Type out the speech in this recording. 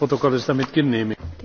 protokoll ist damit genehmigt.